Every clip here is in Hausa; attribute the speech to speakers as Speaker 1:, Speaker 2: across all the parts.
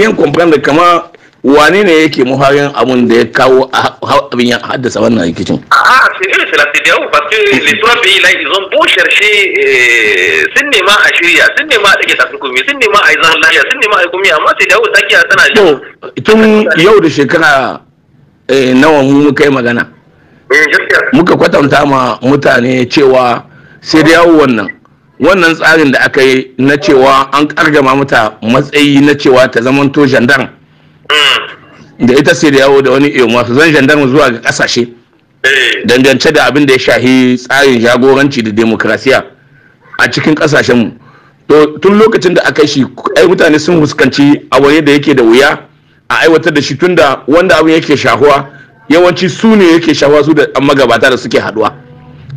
Speaker 1: bien comprendre kama wane ne yake muharin abun da ya kawo abin ya haddasa wannan rikicin ah c'est eux c'est la CDAO parce que les trois pays là ils ont beau chercher eh, sun nema a shirya sun nema a dake takunkumi sun nema a yi zan lafiya sun nema a yi kumi amma CDAO ta kiya tana shi tun yau da shekara eh, nawa mu muka yi magana eh, muka kwatanta ma mutane cewa sai da yawo wannan wannan tsarin da aka yi na cewa an kargama mata matsayi na cewa ta to gendarme mm. da ita sai da yawo da wani iyo eh, masu, zan mu zuwa ga kasashe eh. dangance da abin da ya shahi tsarin jagoranci da demokrasiya a cikin kasashenmu to tun lokacin da aka shi ai mutane sun fuskanci abu da yake da wuya a aiwatar da shi tunda wanda abin yake shahuwa yawanci su ne yake shahuwa su da magabata da suke haduwa.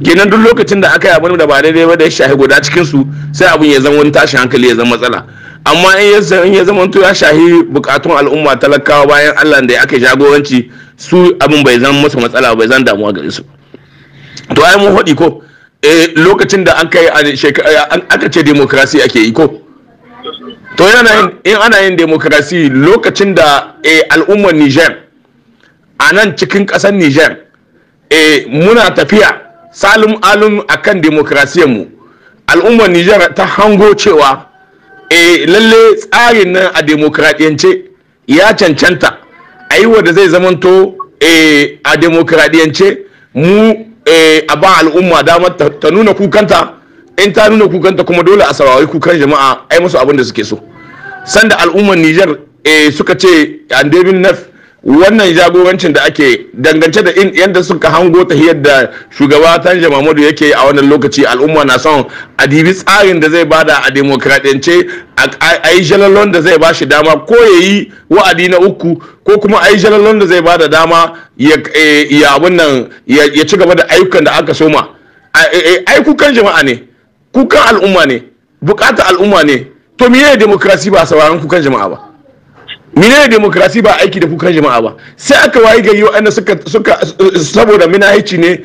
Speaker 1: kenan duk lokacin da aka yi abin da ba daidai ba da ya shahi guda cikin su sai abin ya zama wani tashin hankali ya zama matsala amma in ya zama to ya shahi bukatun al'umma talakawa bayan Allah da aka jagoranci su abin bai zama masa matsala bai zama damuwa gare su to ai mun hodi ko eh lokacin da an kai aka ce demokrasi ake yi ko to in ana yin demokrasi lokacin da eh, al'ummar Niger a nan cikin kasar Niger eh, muna tafiya salim alun akan demokrasiyar mu al'ummar Nijar ta hango cewa e lalle tsarin nan a demokradiyance ya cancanta a yi da zai zamanto e a demokradiyance mu e a ba al'umma dama ta nuna kukanta in ta nuna kukanta kuma dole a saurari kukan jama'a ai masu abin da suke so sanda al'ummar Nijar e suka ce andebin naf wannan jagorancin da ake dangance da yadda suka hango ta yadda shugaba tanja mahmudu yake a wannan lokaci al'umma na son a dibi tsarin da zai bada a demokradiyance a yi jalalon da zai bashi dama ko ya yi wa'adi na uku ko kuma a yi jalalon da zai bada dama ya eh, ya ci gaba da ayyukan da aka soma eh, eh, aikukan jama'a ne kukan al'umma ne bukatar al'umma ne to miye demokrasi ba sauraron kukan jama'a ba ne demokrasi ba aiki da kuka jama'a ba sai aka wayi gari wa'anda suka suka saboda minahici ne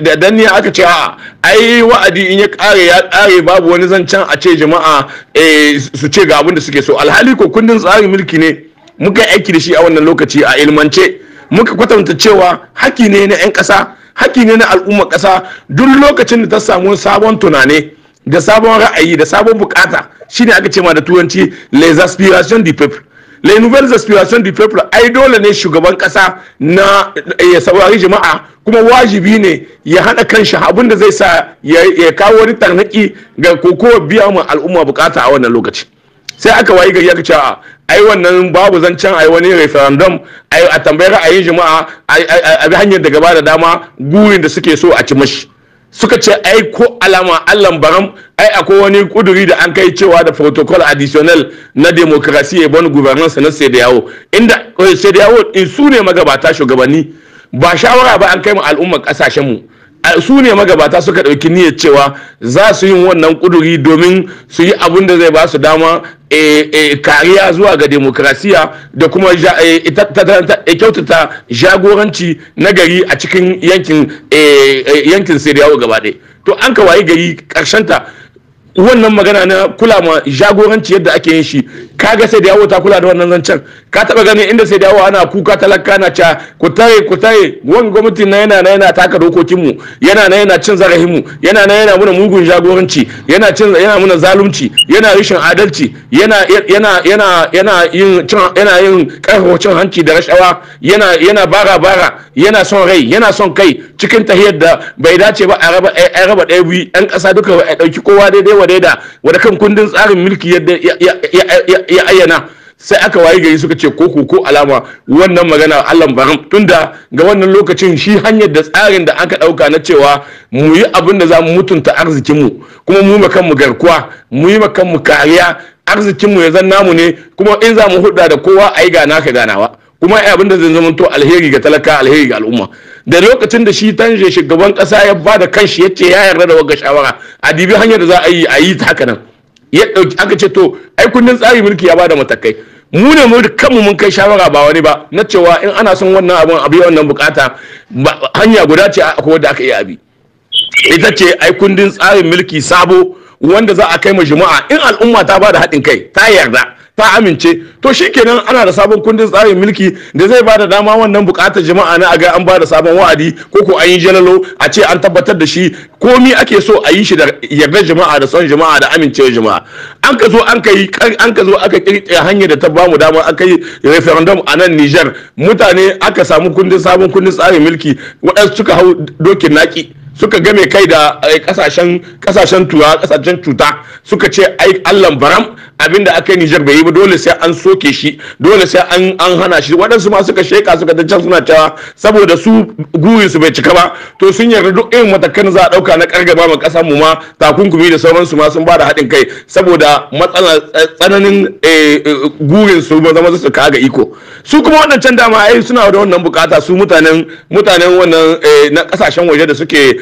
Speaker 1: da danniya aka ce a ai wa'adi in ya kare ya kare babu wani zancen a ce jama'a eh, su ce ga abin da suke so alhali ko kundin tsarin mulki ne muka aiki da shi a wannan lokaci a ilmance muka kwatanta cewa haki ne na 'yan kasa haki ne na al'ummar kasa duk lokacin da ta samu sabon tunani da sabon ra'ayi da sabon bukata shine aka ce ma da turanci les aspirations du peuple les nouvelles aspirations du peuple ai dole ne shugaban kasa na eh, ya saurari jama'a kuma wajibi ne ya hana shi abin da zai sa ya kawo wani tarnaki ga kokowa biya mu al'umma bukata a wannan lokaci sai aka wayi gari aka ce ai wannan babu zancen ai wani referendum ai a tambayar ra'ayin jama'a a bi hanyar da gaba da dama gurin da suke so a ci mashi suka ce ai ko alama allan baram ai akwai wani kuduri da an kai cewa da protocol additional na democracy ya bani gouvernance na CDAO inda eh, CDAO in su ne magabata shugabanni ba shawara ba an kai mu al'ummar kasashen mu su ne magabata suka ɗauki niyyar cewa za su yi wannan kuduri domin su yi abin da zai ba su dama Eh, eh, kariya zuwa ga demokrasiya da kuma eh, kyautata jagoranci na gari a cikin yankin siriyawa gaba ɗaya to an ka gari ta wannan magana na kula ma jagoranci yadda ake yin shi kaga sai yawo ta kula da wannan zancen ka taba gani inda sai yawo ana kuka talaka na ca ku tare ku tare gwamnati na yana na yana taka dokokin mu yana na yana cin zarafin mu yana na yana muna mugun jagoranci yana cin yana muna zalunci yana rashin adalci yana yana yana yana yin cin yana yin hanci da rashawa yana yana bara bara yana son rai yana son kai cikin tahiyar da bai dace ba a raba ɗaya biyu 'yan ƙasa duka ba a ɗauki kowa daidai wa daidai da kan kundin tsarin mulki yadda ya ayyana sai aka wayi gari suka ce ko ko alama wannan magana allan baram tunda ga wannan lokacin shi hanyar da tsarin da aka dauka na cewa mu yi abin da za mu mutunta arzikinmu kuma mu kanmu garkuwa mu yi kanmu kariya arzikinmu ya zan namu ne kuma in za mu hudda da kowa a yi gana ka ganawa kuma abin da zai zama to alheri ga talaka alheri ga al'umma da lokacin da shi tanje shugaban kasa ya ba da kanshi ya ce ya yarda da wagga shawara a dibi hanyar da za a yi a yi ta haka nan ya dauki aka ce to ai kundin tsari mulki ya ba da matakai mu ne mu da kanmu mun kai shawara ba wani ba na cewa in ana son wannan abin abi wannan bukata hanya guda ce a kowa da aka iya abi ita ce ai kundin tsarin mulki sabo wanda za a kai ma jama'a in al'umma ta ba da haɗin kai ta yarda ta amince to shikenan ana da sabon kundin tsarin mulki da zai bada dama wannan bukatar jama'a na ga an bada sabon wa'adi ko ko an yi jalalo a ce an tabbatar da shi komi ake so a yi shi da yarda jama'a da son jama'a da amincewar jama'a an ka zo an ka yi an ka zo aka kirkire hanyar da ta bamu dama aka yi referendum a nan Niger mutane aka samu kundin sabon kundin tsarin mulki waɗansu suka hau dokin naki suka game kai da kasashen eh, kasashen tuwa kasashen cuta suka ce ai allan baram abinda aka yi nijar bai yi ba dole sai an soke shi dole sai an an hana shi waɗansu ma suka sheka suka ta can suna cewa saboda su guyin su bai cika ba to sun yarda duk irin matakan za a ɗauka na kargaba ma ƙasar mu ma takunkumi da sauransu ma sun bada haɗin kai saboda matsalar eh, tsananin eh, gurin su ba zama su kaga iko su kuma waɗancan dama ai suna da wannan bukata su mutanen mutanen wannan eh, na kasashen waje da suke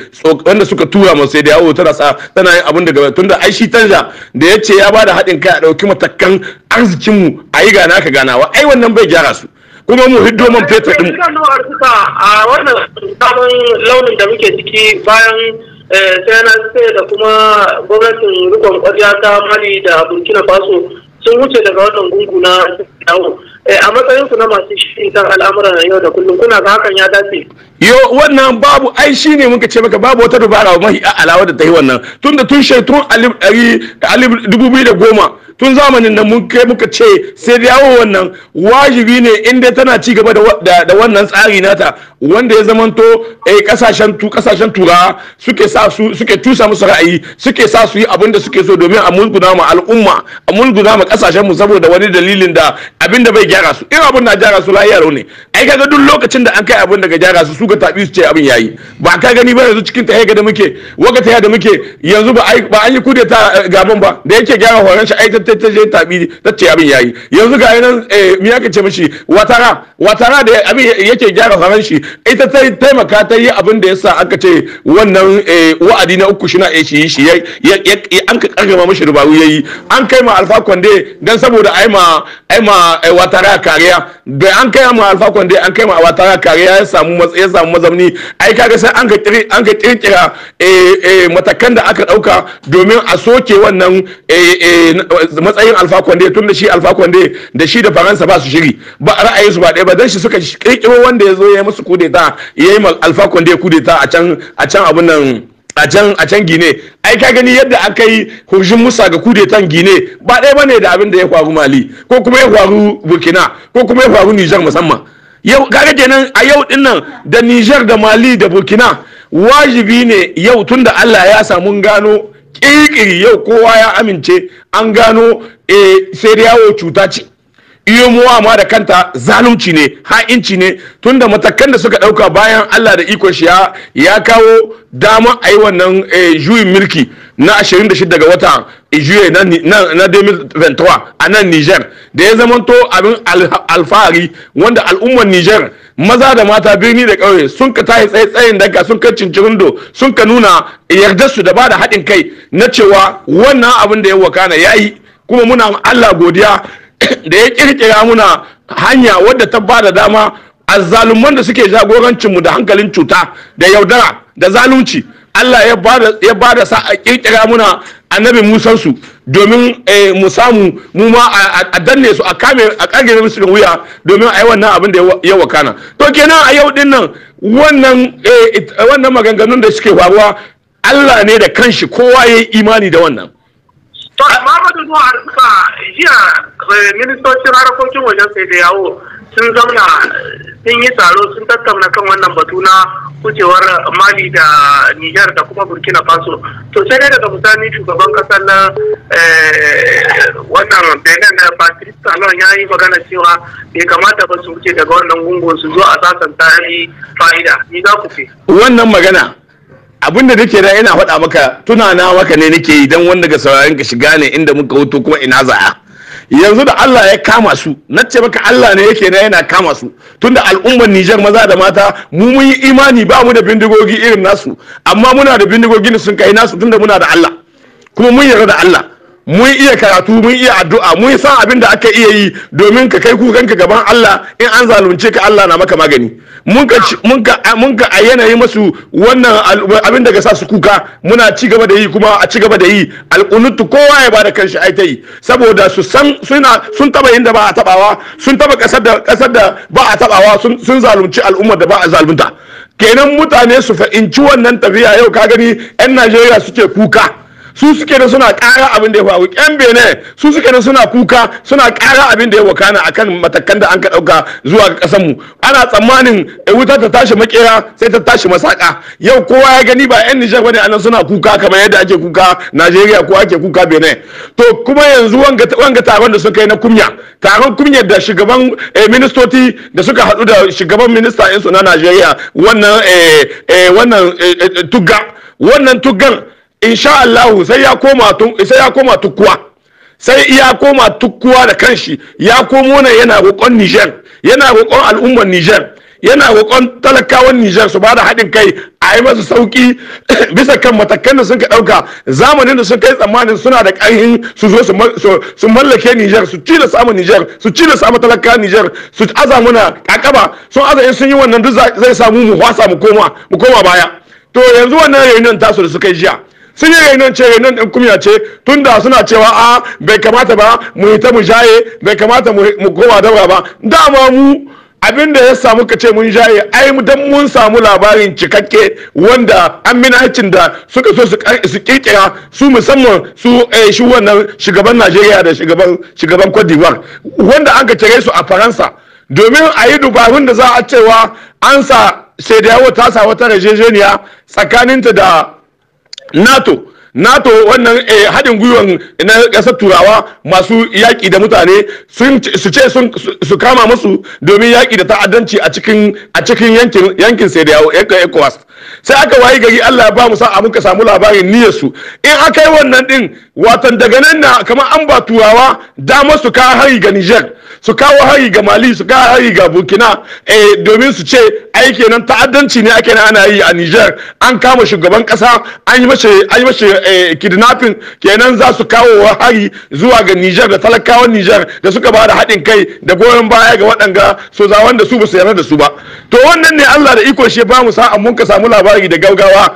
Speaker 1: wanda suka tura mu sai da yawo ta sa tana yin abin da tunda ai shi ta canja da ya ce ya ba da haɗin kai a ɗauki matakan arzikinmu a yi gana ka ganawa ai wannan bai gyara su kuma mu hiddo man fetur ɗin. a wannan sabon launin da muke ciki bayan eh, china state da kuma gwamnatin rikon ƙwarya ta mali da burkina faso sun wuce daga wannan gungu na Eh, a matsayin su na masu shiri kan al'amuran yau da kullum kuna ga hakan ya dace yo wannan babu ai shine muka ce maka babu wata dubara wa mahi alawa da ta yi wannan tun da tun shaitun alif alif dubu biyu da goma tun zamanin da mun kai muka ce sai dawo wannan wajibi ne inda tana ci gaba da wannan tsari nata wanda ya zamanto a eh, kasashen tu kasashen tura suke sa su suke tusa musu ra'ayi suke sa su yi abin da suke so domin a mulguna mu al'umma a mulguna mu kasashen mu saboda wani dalilin da abin da bai gyara su in abun na gyara su lahiya ne ai kaga duk lokacin da an kai abun daga gyara su su ga tabi su ce abin yayi ba ka gani ba yanzu cikin tahiya da muke waka tahiya da muke yanzu ba ba an yi kudeta eh, gaban ba da yake gyara horon shi ai ta ta je tabi ta ce abin yayi yanzu ga nan eh, mi yake ce mishi watara watara da abin yake gyara horon shi ita ta taimaka ta yi abin da yasa aka ce wannan eh, wa'adi na uku shi na shi shi an ka kargama mishi rubawu yayi an kai ma alfa kwande dan saboda ai ma ai ma watara tara kariya da an kai mu alfa kwande an kai mu a tara kariya ya samu ya samu mazamni ai kaga sai an ka an ka kirkira eh, eh, matakan da aka dauka domin a soke wannan eh, matsayin alfa kwande tun da shi alfa kwande da shi da faransa ba su shiri ba ra'ayin su ba ɗaya ba dan shi suka kirkiro wanda ya zo ya musu kudeta yayi alfa kwande kudeta a can a can abun nan a can a can gine ai ka gani yadda aka yi hurshin musa ga kudetan gine ba ɗaya ba ne da abin da ya faru mali ko kuma ya faru burkina ko kuma ya faru nijar musamman yau kaga kenan a yau din nan da nijar da mali da burkina wajibi ne yau tun da allah ya samu gano kirkiri yau kowa ya amince an gano eh, sai da yawo cuta ce muwa ma da kanta zalunci ne ha'inci ne tunda matakan da suka dauka bayan Allah da ikon shi ya kawo dama a yi wannan eh, juyin mulki na 26 ga wata eh, juye na 2023 a nan Niger da ya zamanto abin alfahari wanda al'ummar Niger maza da mata birni da ƙauye sun ka tahi tsaye-tsayen daga sun ka cincirindo sun ka nuna yardarsu da ba da haɗin kai na cewa wannan abin da ya wakana ya yi kuma muna Allah godiya da ya kirkira muna hanya wadda ta ba da dama a zalumman da suke jagorancinmu da hankalin cuta da yaudara da zalunci Allah ya ba da sa a kirkira muna annabi musansu domin eh, mu samu mu ma a danne su a kame a musu wuya domin a yi wannan abin da ya wakana to kenan a yau din nan eh, wannan maganganun da suke faruwa Allah ne da kanshi kowa ya yi imani da wannan to da zuwa Arzika, jiya eh, ministocin harkokin wajen sai da yawo sun zauna sun yi taro sun tattauna kan wannan batu na kucewar Mali da Nijar da kuma Burkina Faso to sai dai daga misali shugaban kasar na eh, wannan Benin na Patrice Talon ya yi magana cewa bai kamata ba su wuce daga wannan gungun su zo a ya yi fa'ida ni za ku ce wannan magana abin da nake da ina faɗa maka tunana maka ne nake yi don wanda ga sauraron ka shiga ne inda muka wuto kuma ina za'a yanzu da Allah ya kama su na ce maka Allah ne yake na yana kama su tunda al'ummar Nijar maza da mata mu mun yi imani ba mu da bindigogi irin nasu amma muna da bindigogi sun kai nasu tunda muna da Allah kuma mun yarda da Allah mun iya karatu mun iya addu'a mun san abin da aka iya yi domin ka kai kukanka gaban Allah in an zalunce ka Allah na maka magani mun ka a yanayi masu wannan abin da ka sa su kuka muna ci gaba da yi kuma a ci gaba da yi alƙunutu kowa ya bada kanshi ai ta yi saboda su san suna sun taba inda ba a tabawa sun taba kasar da kasar da ba a tabawa sun zalunci al'ummar da ba a zalunta kenan mutane su fa'inci wannan tafiya yau ka gani 'yan najeriya suke kuka su suke da suna ƙara abin da ya faru yan bene su suke da suna kuka suna ƙara abin da ya wakana akan matakan da an ka ɗauka zuwa ga ƙasar mu ana tsammanin eh, wuta ta tashi makera sai ta tashi masaka yau kowa ya gani ba yan nijar bane anan suna kuka kamar yadda ake kuka najeriya ko ake kuka bene to kuma yanzu wanga taron da suka yi na kumya taron kumya da shugaban eh, ministoci da suka hadu da shugaban minista insu na najeriya wannan eh, wannan tugga wannan tuggan insha Allah sai ya koma tun sai ya koma tukkuwa sai ya koma tukkuwa da kanshi ya komo ne yana roƙon Niger yana roƙon al'ummar Niger yana roƙon talakawan Niger su bada haɗin kai a yi masa sauki bisa kan matakan da suka ɗauka zamanin da sun kai tsammanin suna da ƙarfin su zo su mallake Niger su ci da samun Niger su ci da samun talaka Niger su aza muna ƙaƙaba sun aza in sun yi wannan duk zai samu mu hwasa mu koma mu koma baya to yanzu wannan reunion tasu da suka yi jiya sun yi rainon ce rainon ɗin kumya ce tunda suna cewa a ah, bai kamata ba mu yi ta mu jaye bai kamata mu koma daura ba dama mu abin da ya samu ka ce mun jaye ai dan mun samu labarin cikakke wanda an da suka so su kirkira su musamman su eh, shi wannan shugaban najeriya da shugaban cote wanda an ka su a faransa domin a yi dubarun da za a cewa an sa yawo ta sa wata rajejeniya tsakaninta da nato nato wannan eh, haɗin gwiwan na ƙasar turawa masu yaƙi da mutane su ce su kama musu domin yaƙi da ta'addanci a cikin yankin sai da e-, ecowas sai aka wayi gari allah ya ba mu sa'a muka samu labarin niyyar su in aka yi wannan din watan daga nan na kamar an ba turawa damar su kawo hari ga niger su kawo hari ga mali su kawo hari ga burkina eh, domin su ce aiki nan ta'addanci ne ake ana yi a niger an kama shugaban kasa an yi mace an eh, kidnapping kenan za su kawo hari zuwa ga niger da talakawan niger da suka ba da haɗin kai da goyon baya ga waɗanga za da su ba su yarda da su ba to wannan ne allah da iko shi ba mu sa mun ka samu labari da gaugawa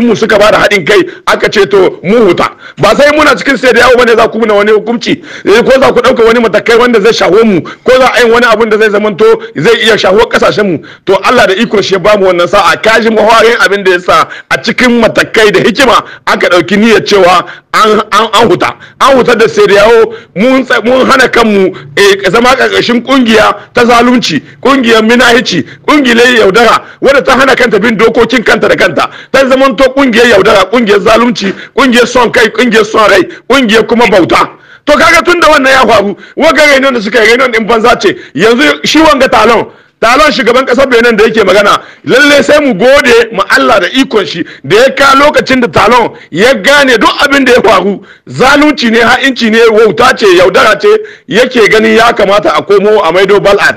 Speaker 1: mu suka ba da haɗin kai aka ce to mu huta ba sai muna cikin sai da yawo bane za ku muna wani hukunci eh, ko za ku ɗauka wani matakai wanda zai zai shaho mu ko za a yi wani abin da zai zamanto zai iya shaho kasashen mu to Allah da iko shi ba mu wannan sa'a kaji hawarin abin da ya sa a cikin matakai da hikima aka ɗauki niyyar cewa an huta an huta da siriyawo mun hana kanmu eh, zama karkashin kungiya ta zalunci kungiyar minahici kungiyar yaudara wanda ta hana kanta bin dokokin kanta da kanta ta zamanto kungiyar yaudara kungiyar zalunci kungiyar son kai kungiyar son rai kungiyar kuma bauta to kaga tun da wannan ya faru ga rainon da suka yi rainon din banza ce yanzu shi wanga talon taron shugaban ƙasar benin da yake magana lalle sai mu gode ma allah da ikon shi da ya ka lokacin da talon ya gane duk abin da ya faru zalunci ne ha'inci ne wauta ce yaudara ce yake gani ya kamata a komo a maido bal a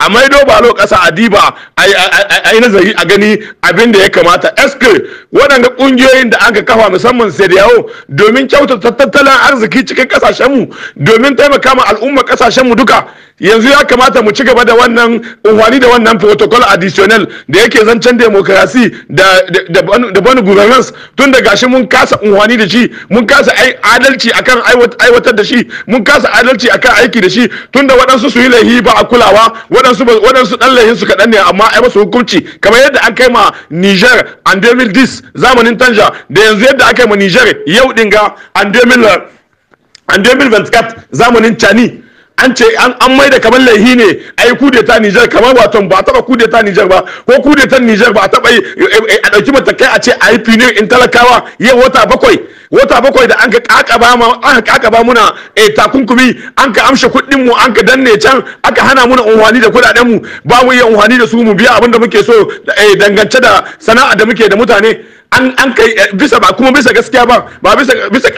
Speaker 1: a maido balo kasa a diba a yi nazari a gani abin da ya kamata eske waɗanda ƙungiyoyin da aka kafa musamman sai yawo domin kyautata tattalin arziki cikin ƙasashenmu domin taimaka ma al'ummar ƙasashenmu duka yanzu ya kamata mu ci gaba da wannan umfani da wannan protocol additional da yake zancen demokrasi da bani governance tun da gashi mun kasa umarni da shi mun kasa adalci akan aiwatar da shi mun kasa adalci akan aiki da shi tun da waɗansu su yi laihi ba a kulawa waɗansu ɗan laihin su kaɗan ne amma ai masu hukunci kamar yadda an kai ma Niger and 2010 zamanin Tanja da yanzu yadda aka yi ma Niger yau dinga and 2024 zamanin Chani an ce an mai da kamar laihi ne a yi kudeta Nijar kamar wato ba a taba kudeta Nijar ba ko kudetan Nijar ba a taba yi eh, eh, eh, a ɗauki matakai a ce a yi fini in talakawa yau wata bakwai wata bakwai da an ka kaka ba muna takunkumi an ka amshe kuɗin mu an ka danne can aka hana muna unhwani da kuɗaɗen mu ba mu yi unhwani da su mu biya abin da muke so dangance da sana'a da muke da mutane an an kai bisa ba kuma bisa gaskiya ba ba bisa bisa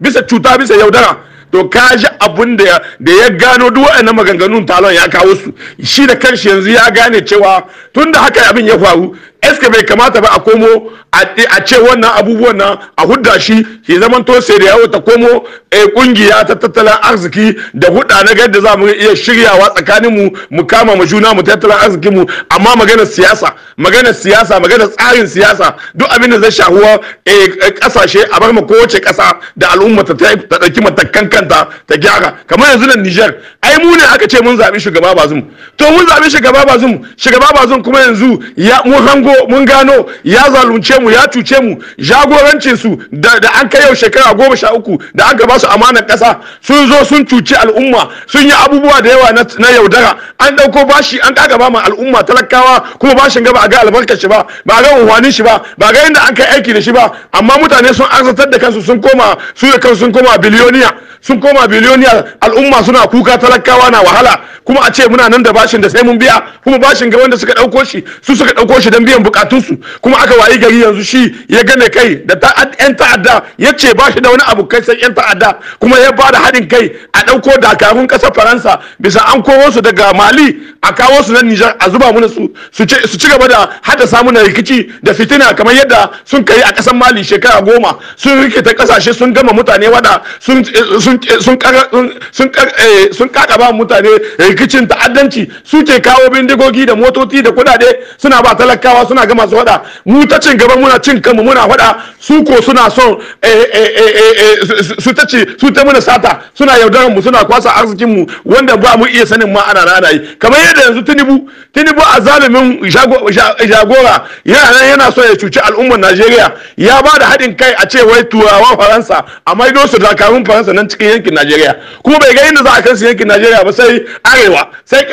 Speaker 1: bisa cuta bisa yaudara to ka ji abin da ya gano duk waɗannan maganganun talon ya kawo su shi da kanshi yanzu ya gane cewa tun da haka abin ya faru eske bai kamata ba a komo a ce wannan abubuwan nan a hudda shi ki zaman to sai da yawo ta komo eh, kungiya ta tattalin arziki da hudda na yadda za mu iya shiryawa tsakanin mu mu kama mu juna mu tattalin arzikin mu amma magana siyasa magana siyasa magana tsarin siyasa duk abin da zai shahuwa kasashe eh, eh, a bar mu kowace kasa da al'umma ta ta dauki matakan kanta ta gyara kamar yanzu nan Niger ai mu ne aka ce mun zabi shugaba Bazum to mun zabi shugaba Bazum shugaba Bazum kuma yanzu ya mu zo mun gano ya zalunce mu ya cuce mu jagorancinsu da, da an kai yau shekara goma sha uku da an gaba su amanar kasa sun zo sun cuci al'umma sun yi abubuwa da yawa na, yaudara an ɗauko bashi an kaga ba ma al'umma talakawa kuma bashin gaba a ga albarkar shi ba ba a ga unhwanin shi ba ba ga inda an kai aiki da shi ba amma mutane sun arzatar da kansu sun koma su da kansu sun koma biliyoniya sun koma biliyoniya al'umma suna kuka talakawa na wahala kuma a ce muna nan da bashin da sai mun biya kuma bashin ga wanda suka ɗauko shi su suka ɗauko shi don biya biyan bukatunsu kuma aka wayi gari yanzu shi ya gane kai da yan ta'adda ya ce ba shi da wani abu kai sai yan ta'adda kuma ya bada haɗin kai a ɗauko dakarun ƙasar faransa bisa an kowo su daga mali a kawo su na nijar a zuba mana su su ci gaba da samu na rikici da fitina kamar yadda sun kai a ƙasar mali shekara goma sun rikita ƙasashe sun gama mutane wada sun kakaba eh, mutane rikicin ta'addanci suke kawo bindigogi da motoci da kudade suna ba talakawa suna gama su hada mu ta cin gaba muna cin kanmu muna faɗa su ko suna son eh, eh, eh, su ta ci su ta muna sata suna yaudaran mu suna kwasa arzikin mu wanda ba mu iya sanin ma ana rana yi kamar yadda yanzu tinubu tinubu a zalimin jagora yana yana so ya cuci al'ummar najeriya ya ba da haɗin kai a ce wai turawan faransa a maido su dakarun faransa nan cikin yankin najeriya kuma bai ga inda za a kansu yankin najeriya ba sai arewa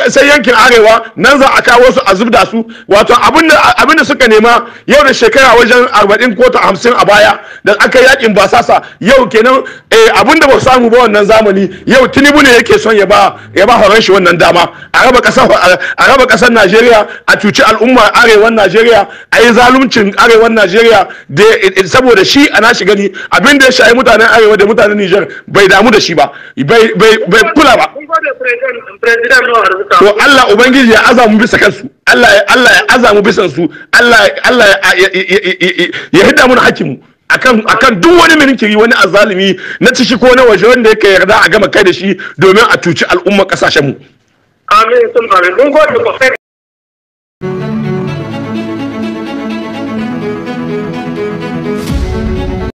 Speaker 1: sai yankin arewa nan za a kawo su a zubda su wato abin da abin da suka nema yau da shekara wajen arba'in ko ta hamsin a baya da aka yi yakin basasa yau kenan eh, abin da ba samu ba wannan zamani yau tinubu ne yake son ya ba ya ba horon shi wannan dama a raba kasar a raba kasar Najeriya a cuci al'ummar arewan Najeriya a yi zaluncin arewan Najeriya da eh, saboda shi ana shi gani abin da ya shayi mutanen arewa da mutanen Niger bai damu da shi ba bai bai kula ba to Allah ubangiji ya azamu bisa kansu Allah ya Allah ya azamu bisan su Allah Allah ya hidda mun hakkin mu akan akan duk wani minkiri wani azalimi na ciki ko na waje wanda yake yarda a gama kai da shi domin a tuci al'umma kasashen mu amin sun mun gode ku